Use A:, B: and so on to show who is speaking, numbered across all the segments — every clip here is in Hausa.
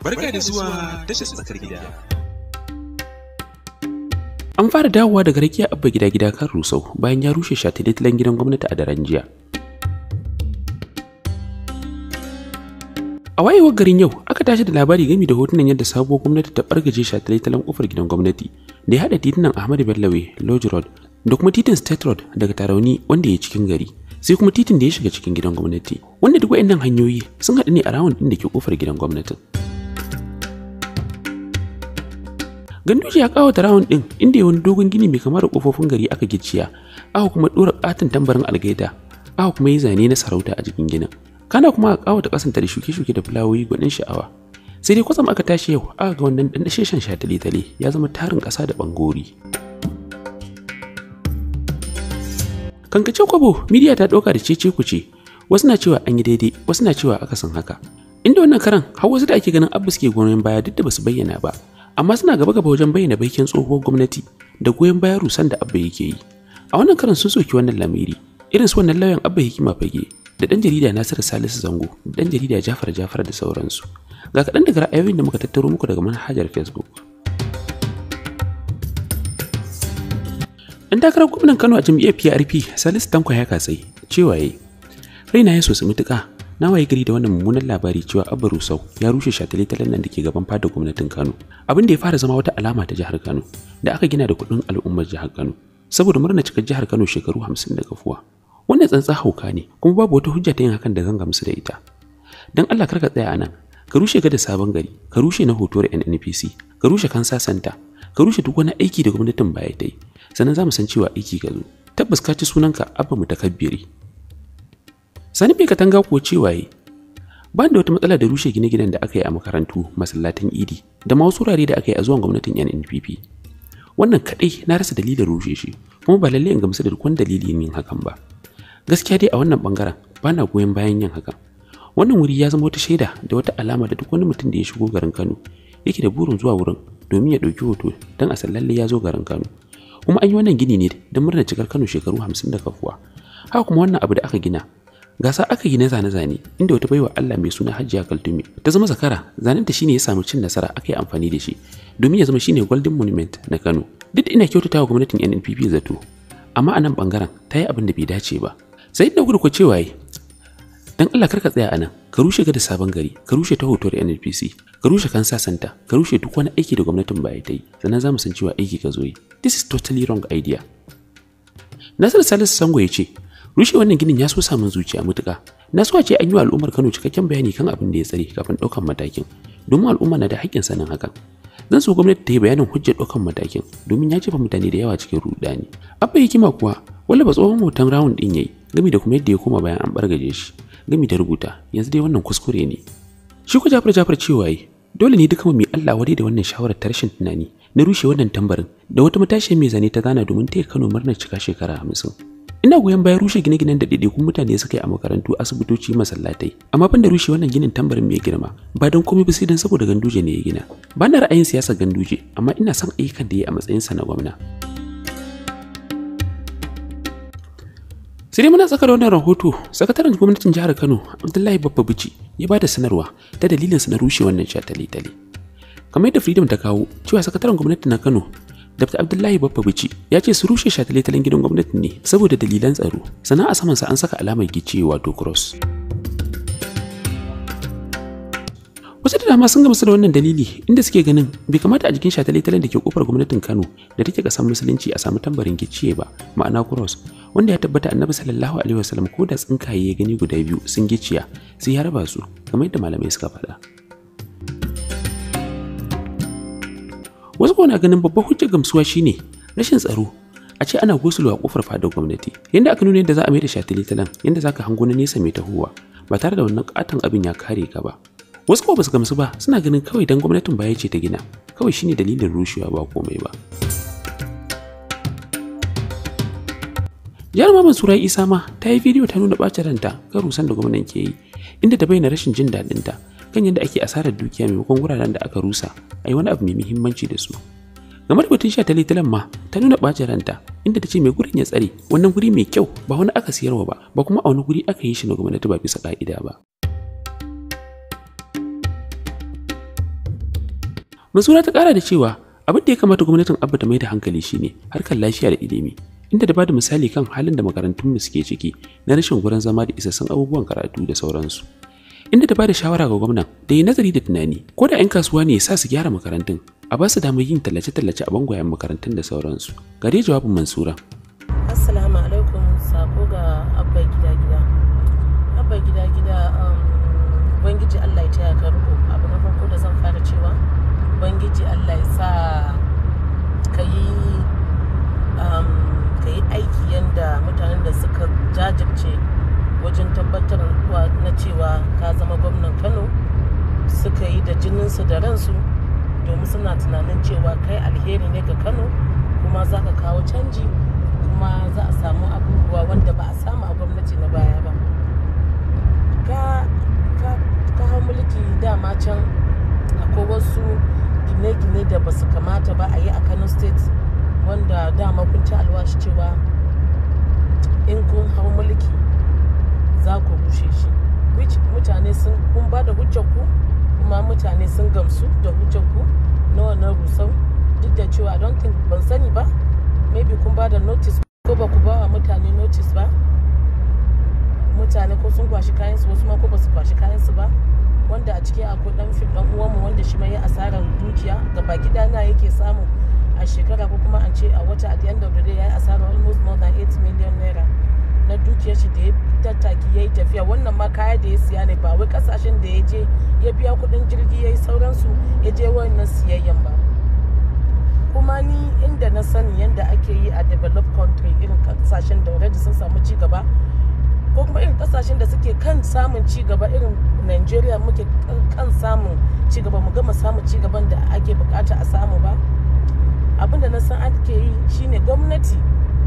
A: Barka da zuwa tashar tsakar gida. An fara dawowa daga rakiya abba gida gida kan rusau bayan ya rushe shatilitilan gidan gwamnati a daren jiya. A wayewar garin yau aka tashi da labari game da hotunan yadda sabuwar gwamnati ta bargaje shatilitilan kofar gidan gwamnati da ya haɗa titunan Ahmadu bellawe Lodge Road da kuma titin State Road daga Tarauni wanda ya cikin gari. sai kuma titin da ya shiga cikin gidan gwamnati wanda duk wa'annan hanyoyi sun haɗu ne a rawun ɗin da ke kofar gidan gwamnatin. Ganduje ya kawata rawun din inda ya wani dogon gini mai kama da kofofin gari aka gicciya, aka kuma dora katin tambarin algaida, aka kuma yi zane na sarauta a jikin ginin. Kana kuma aka kawata kasanta da shuke-shuke da fulawoyi gwanin sha'awa. Sai dai kwatsam aka tashi yau aka ga wannan dan sheshen shatale-tale ya zama tarin kasa da bangori. Kankace kwabo, midiya ta ɗauka da cece kuce, wasu na cewa an yi daidai, wasu na cewa akasin haka. Inda wannan karan, har wasu da ake ganin abu suke goyon baya duk da basu bayyana ba, amma suna gaba gaba wajen bayyana baikin tsohuwar gwamnati da goyon bayan rusan da abba yake yi a wannan karan sun soki wannan lamiri irin su wannan lauyan abba hikima fage da dan jarida nasiru salisu zango da dan jarida jafar jafar da sauransu ga kaɗan daga ra'ayoyin da muka tattaro muku daga manhajar facebook an takarar gwamnan kano a jam'iyyar prp salisu tankwa ya katsai cewa yayi raina ya sosu mutuka na waye gari da wannan mummunan labari cewa Abba Rusau ya rushe shataletalen nan da ke gaban fada gwamnatin Kano abin da ya fara zama wata alama ta jihar Kano da aka gina da kuɗin al'ummar jihar Kano saboda murna cikar jihar Kano shekaru hamsin da kafuwa wannan tsantsa hauka ne kuma babu wata hujja ta yin hakan da zan gamsu da ita dan Allah kar ka tsaya anan ka rushe gada sabon gari ka rushe na hotuwar NNPC ka rushe kansa santa ka rushe duk wani aiki da gwamnatin baya ta yi sannan za mu san cewa aiki ka zo tabbas ka ci sunanka abba mu mutakabbiri sani bai katanga ko cewa yi Bani da wata matsala da rushe gine-ginen da aka yi a makarantu masallatan idi da ma wasu wurare da aka yi a zuwan gwamnatin nnpp wannan kaɗai na rasa dalilin rushe shi kuma ba lallai in gamsu da dukkan dalilin yin hakan ba gaskiya dai a wannan bangaren ba na goyon bayan yin hakan wannan wuri ya zama wata shaida da wata alama da duk wani mutum da ya shigo garin kano yake da burin zuwa wurin domin ya ɗauki hoto dan a sallalle ya zo garin kano kuma an yi wannan gini ne don murna cikar kano shekaru hamsin da kafuwa haka kuma wannan abu da aka gina gasa aka yi na zane-zane inda wata baiwa Allah mai suna Hajiya kaltumi ta zama zakara zanen ta shine ya samu cin nasara aka yi amfani da shi domin ya zama shine Golden Monument na Kano duk ina kyautata wa gwamnatin NNPP zato amma a nan bangaren ta yi abin da bai dace ba sai da ko cewa yi dan Allah karka tsaya a nan ka rushe gada sabon gari ka rushe ta hoto da NNPC ka rushe kansa santa ka rushe duk wani aiki da gwamnatin baya ta yi sannan za mu san cewa aiki ka zo yi this is totally wrong idea Nasir Salisu Sango ya ce rushe wannan ginin ya so samun zuciya mutuka na so ce an yi wa al'ummar Kano cikakken bayani kan abin da ya tsare kafin ɗaukan matakin domin al'umma na da haƙƙin sanin hakan zan so gwamnati ta yi bayanin hujjar ɗaukan matakin domin ya jefa mutane da yawa cikin rudani abba hikima kuwa wala ba tsohon hoton rawun ɗin yayi gami da kuma yadda ya koma bayan an bargaje shi gami da rubuta yanzu dai wannan kuskure ne shi ku jafar jafar cewa yi dole ne duka mu Allah wadai da wannan shawarar ta rashin tunani na rushe wannan tambarin da wata matashiyar mai zane ta gana domin taya Kano murnar cika shekara hamsin. ina goyon bayan rushe gine-ginen da ɗaiɗaikun mutane suka yi a makarantu asibitoci masallatai amma banda da rushe wannan ginin tambarin mai girma ba don komai ba sai don saboda ganduje ne ya gina ba na ra'ayin siyasar ganduje amma ina son ayyukan da ya yi a matsayinsa na gwamna sai muna tsaka da wannan rahoto sakataren gwamnatin jihar kano abdullahi babba bici ya ba da sanarwa ta dalilinsa na rushe wannan shatale-tale kamar yadda freedom ta kawo cewa sakataren gwamnati na kano Dr. Abdullahi babba bichi ya ce su rushe shataletalen gidan gwamnati ne saboda dalilan tsaro. Sana'a samansa an saka alamar gice wato cross. wasu da dama sun gamsu da wannan dalili inda suke ganin bai kamata a jikin shataletalen da ke kofar gwamnatin kano da take kasan musulunci a samu tambarin gicciye ba ma'ana kuros wanda ya tabbata annabi sallallahu alaihi wasallam ko da tsinkaye ya gani guda biyu sun gicciya sai ya raba su kamar yadda malamai suka faɗa wasu kuma na ganin babban hujjar gamsuwa shine rashin tsaro a ce ana gosulo kofar fadar gwamnati yadda aka nuna yadda za a mai da shatili talan yadda za ka hango na nesa mai tahowa ba tare da wannan katon abin ya kare ka ba wasu kuma basu gamsu ba suna ganin kawai dan gwamnatin baya ce ta gina kawai shine dalilin rushewa ba komai ba jaruma mansura isa ma ta yi bidiyo ta nuna bacin ranta kan rusan da gwamnan ke yi inda ta bayyana rashin jin daɗinta kan yadda ake asarar dukiya maimakon wuraren da aka rusa a yi wani abu mai muhimmanci da su game da batun sha talitalan ma ta nuna ɓacin ranta inda ta ce mai gurin ya tsare wannan guri mai kyau ba wani aka siyarwa ba ba kuma a wani guri aka yi shi na gwamnati ba bisa ƙa'ida ba Mansura ta ƙara da cewa abin da ya kamata gwamnatin Abba ta mai da hankali shine harkar lafiya da ilimi inda da bada misali kan halin da makarantunmu suke ciki na rashin gurin zama da isassun abubuwan karatu da sauransu. inda ta bada shawara ga gwamnan da yi nazari da tunani ko da 'yan kasuwa ne ya sa su gyara makarantun a ba su damar yin tallace-tallace a bangayen makarantun da sauransu gare jawabin mansura
B: suka yi da jininsu da ransu domin suna tunanin cewa kai alheri ne ga kano kuma za ka kawo canji kuma za a samu abubuwa wanda ba a samu a gwamnati na baya ba ka hau mulki dama can akwai wasu gine-gine da ba su kamata ba a yi a kano state wanda dama kun ci alwashi cewa in kun hau mulki za ku rushe shi mutane sun kun ba da hujjar ku sun gamsu da hujjanku ku na rusau duk da cewa don think ban sani ba maybe kun ba da notice ko ba ku ba wa mutane notice ba mutane ko sun kwashi kayansu wasu ma ko ba su kwashi kayansu ba wanda a cikin akwai dan fim dan uwanmu wanda shi ma ya asarar dukiya gaba gida na yake samu a shekara ko kuma an ce a wata at the end of the day ya yi asarar almost more than 8 million naira na dukiyar shi da ya tattaki ya yi tafiya wannan ma kaya da ya siya ne ba wai kasashen da ya je ya biya kudin jirgi ya yi sauransu ya je wannan siyayyan ba kuma ni inda na sani yadda ake yi a developed country irin kasashen da already sun samu ci gaba ko kuma irin kasashen da suke kan samun ci gaba irin Nigeria muke kan samun ci gaba mu gama samun ci gaban da ake bukata a samu ba abinda na san ake yi shine gwamnati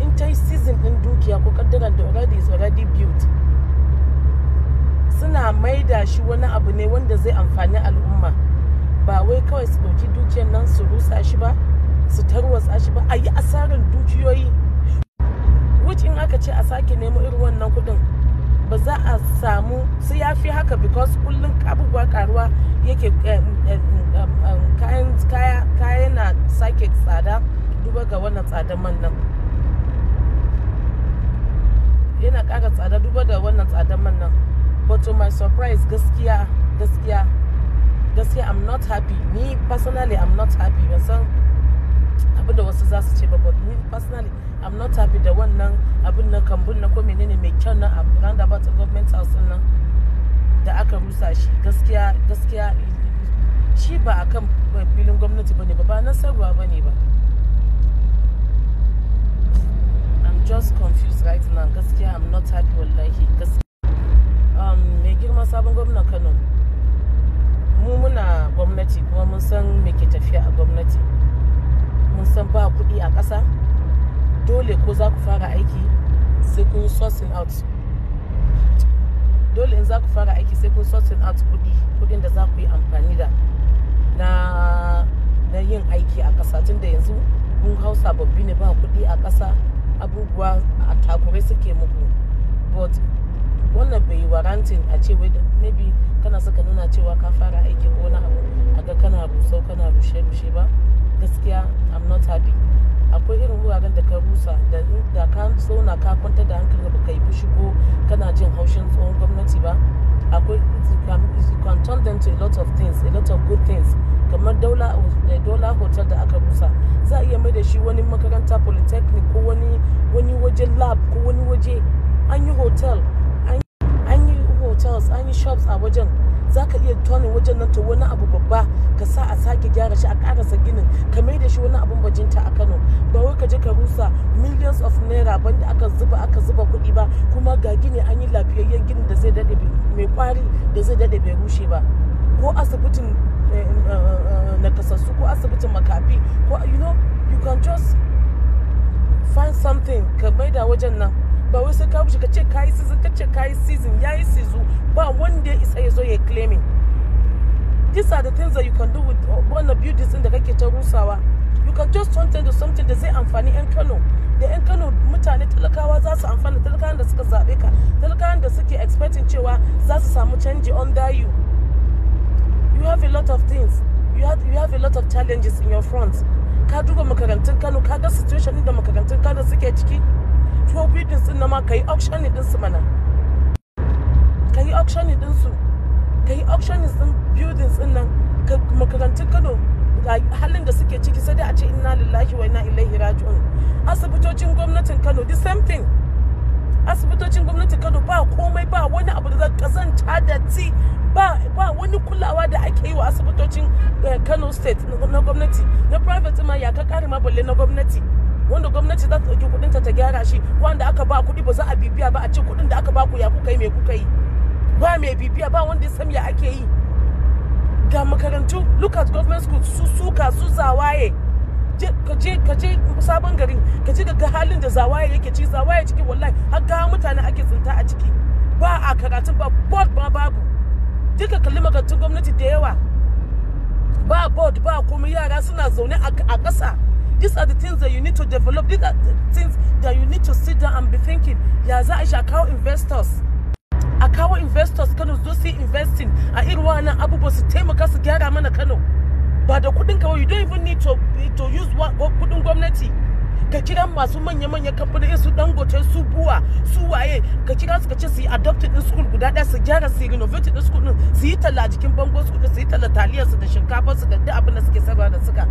B: in ta yi season din dukiya ko kaddara da already is already built suna maida shi wani abu ne wanda zai amfani al'umma ba wai kawai su ɗauki dukiyar nan su rusa shi ba su tarwatsa shi ba a yi asarar dukiyoyi which in aka ce a sake nemo irin wannan kudin ba za a samu su ya fi haka because kullum abubuwa karuwa yake eh, eh, eh, kayan kaya na sake tsada duba ga wannan tsadan man nan yana ƙara tsada duba da wannan tsadan man nan but to my surprise gaskiya gaskiya gaskiya i'm not happy ni personally i'm not happy ban san abin da wasu za su ce ba but ni personally i'm not happy da wannan abin nan kambun na ko menene mai kyau nan a roundabout government house nan da aka rusa shi gaskiya gaskiya shi ba akan filin gwamnati bane ba ba na sarwa bane ba just confused right now gaskiya i'm not happy wallahi gaskiya mai um, girma sabon gwamnan kano mu muna gwamnati kuma mun san me ke tafiya a gwamnati mun san ba kuɗi a ƙasa dole ko za ku fara aiki sai kun sourcing out dole in za ku fara aiki sai kun sourcing out kuɗi kuɗin da za ku yi amfani da na na yin aiki a ƙasa tun da yanzu mun hausa babbi ne ba kuɗi a ƙasa abubuwa a takure suke muku but wannan bai yi warantin a ce maybe kana saka nuna cewa ka fara aiki ko na abu a ga kana rusau kana rushe-rushe ba gaskiya i'm not happy akwai irin wuraren da ka rusa da da ka zauna ka kwanta da hankali ba yi fushi ko kana jin haushin tsohon gwamnati ba akwai it you can turn them to a lot of things a lot of good things kamar dola eh, hotel da aka rusa za a iya mai da shi wani makaranta polytechnic ko wani wani waje lab ko wani waje an yi hotel an yi hotels an yi shops a wajen za ka iya tonin wajen nan ta wani abu babba ka sa a sake gyara shi a karasa ginin ka mai da shi wani abun bajinta a kano ba wai ka je ka rusa millions of naira banda aka zuba aka zuba kuɗi ba kuma ga gini an yi lafiyayyen gini da zai daɗe mai kwari da zai daɗe bai rushe ba ko asibitin Eh, eh, eh, nakasassu ko asibitin makafi ko you know you can just find something ka maida wajen nan ba wai sai ka wuce ka ce kayi season ka ce kayi season yayi season ba wanda ya isa ya zo ya claiming these are the things that you can do with one of buildings din da kake ta rusawa you can just turn into something da zai amfani yan Kano da yan Kano mutane talakawa za su amfana talakawa da suka zabe ka talakawa da suke expecting cewa za su samu canji under you you have a lot of things you have, you have a lot of challenges in your front Kadugo duba makarantun kano ka situation da makarantun kano suke ciki to buildings din ma kai auction auctioning din su mana ka yi din su Kai auction auctioning din buildings din nan ka makarantun kano halin da suke ciki sai dai a ce inna lillahi wa inna ilaihi raji'un asibitocin gwamnatin kano the same thing asibitocin gwamnati kano ba komai ba wani abu da za da ba wani kulawa da ake yi wa asibitocin eh, kano state na gwamnati na private ma ya ka kare ma balle na gwamnati wanda gwamnati za ta ɗauki ta gyara shi wanda aka ba kuɗi ba za a bibiya ba a ce kuɗin da aka ba ku ya kuka yi me kuka yi ba mai bibiya ba wanda ya san ya ake yi ga makarantu look at government schools su suka su zawaye kaje kaje sabon garin kaje ga halin da zawaye yake ci zawaye ciki wallahi har ga mutane ake tsinta a ciki ba a karatun ba board ba babu duka kalli makarantun gwamnati da yawa ba board ba komai yara suna zaune a ƙasa these are the things that you need to develop these are the things that you need to sit down and be thinking ya za a kawo investors a kawo investors kano zo su investing a irin wannan abubuwa su taimaka su gyara mana kano ba da kudin kawai you don't even need to, to use kudin gwamnati ka kira masu manya-manya kamfanin su dangote su buwa su waye ka kira su ka ce su yi adopted din school guda ɗaya su gyara su renovate din school din su yi talla jikin bango su su yi talla taliyar su da shinkafar su da duk abin da suke sarrafa da suka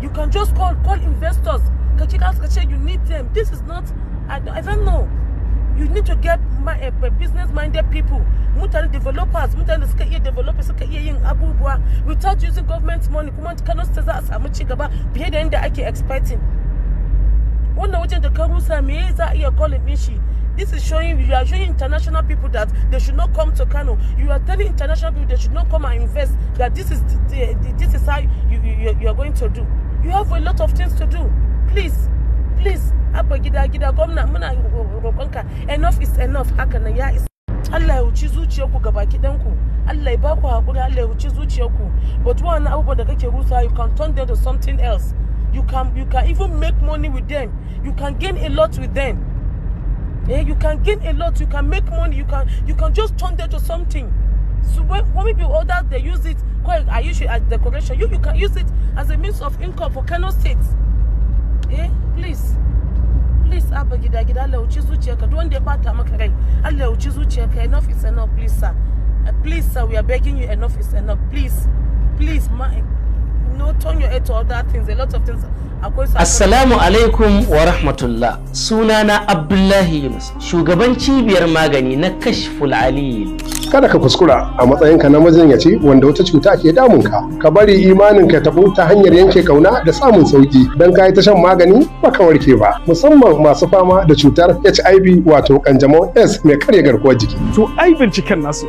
B: you can just call call investors ka kira su ka ce you need them this is not i don't, I know you need to get my eh, eh, business minded people mutual developers mutane suka iya developers suka iya yin abubuwa without using government money kuma Kano ta za a samu ci gaba fiye da yadda ake expecting wannan wajen da ka rusa me za a iya calling din shi this is showing you are showing international people that they should not come to Kano. You are telling international people they should not come and invest. That this is this is how you you, you are going to do. You have a lot of things to do. Please, please, Abba Gida Gida gomna Governor, roƙonka enough is enough haka nan ya isa Allah ya wuci zuciyarku ga baki ɗanku Allah ya ba ku haƙuri Allah ya wuci zuciyarku but wannan abubuwan da kake rusa you can turn them to something else you can you can even make money with them you can gain a lot with them yeah, you can gain a lot you can make money you can you can just turn them to something so when, when people order they use it quite I use it as decoration you you can use it as a means of income for Kano State yeah please please ya saba gida gida Allah ya zuciya ka duk wanda ya bata maka rai Allah ya zuciya ka enough is enough please sir uh, please sir we are begging you enough is enough please please ma eh, no turn your head to other things a lot of things akwai assalamu alaikum
C: wa rahmatullah sunana abdullahi yunus shugaban cibiyar magani na kashful alil kada ka kuskura a matsayinka na mazinyaci wanda wata cuta ke damunka ka bari imanin ka tabu ta hanyar yanke kauna da samun sauki don ka yi ta shan magani baka warke ba musamman masu fama da cutar HIV wato kanjamau S mai karya garkuwar jiki to ai binciken nasu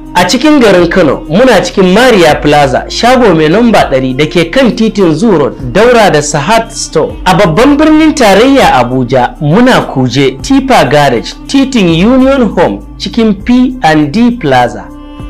C: a cikin garin kano muna cikin maria plaza shago mai lamba 100 da ke kan titin zuro daura da sahat store a babban birnin tarayya abuja muna kuje tipa garage titin union home cikin p&d plaza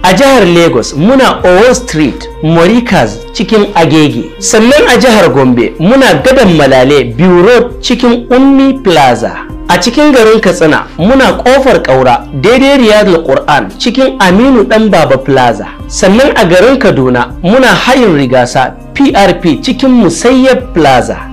C: a jihar lagos muna owo street morikas cikin agege sannan a jihar gombe muna gadon malale bureau cikin ummi plaza a cikin garin katsina muna kofar kaura daidai riyadul qur'an cikin aminu dan baba plaza sannan a garin kaduna muna hayin rigasa prp cikin musayyab plaza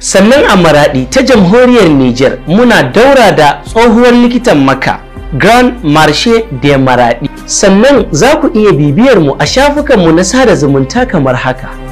C: sannan a maraɗi ta jamhuriyar niger muna daura da tsohuwar likitan maka grand marche de maraɗi sannan za ku iya bibiyar mu a shafukanmu na sada zumunta kamar haka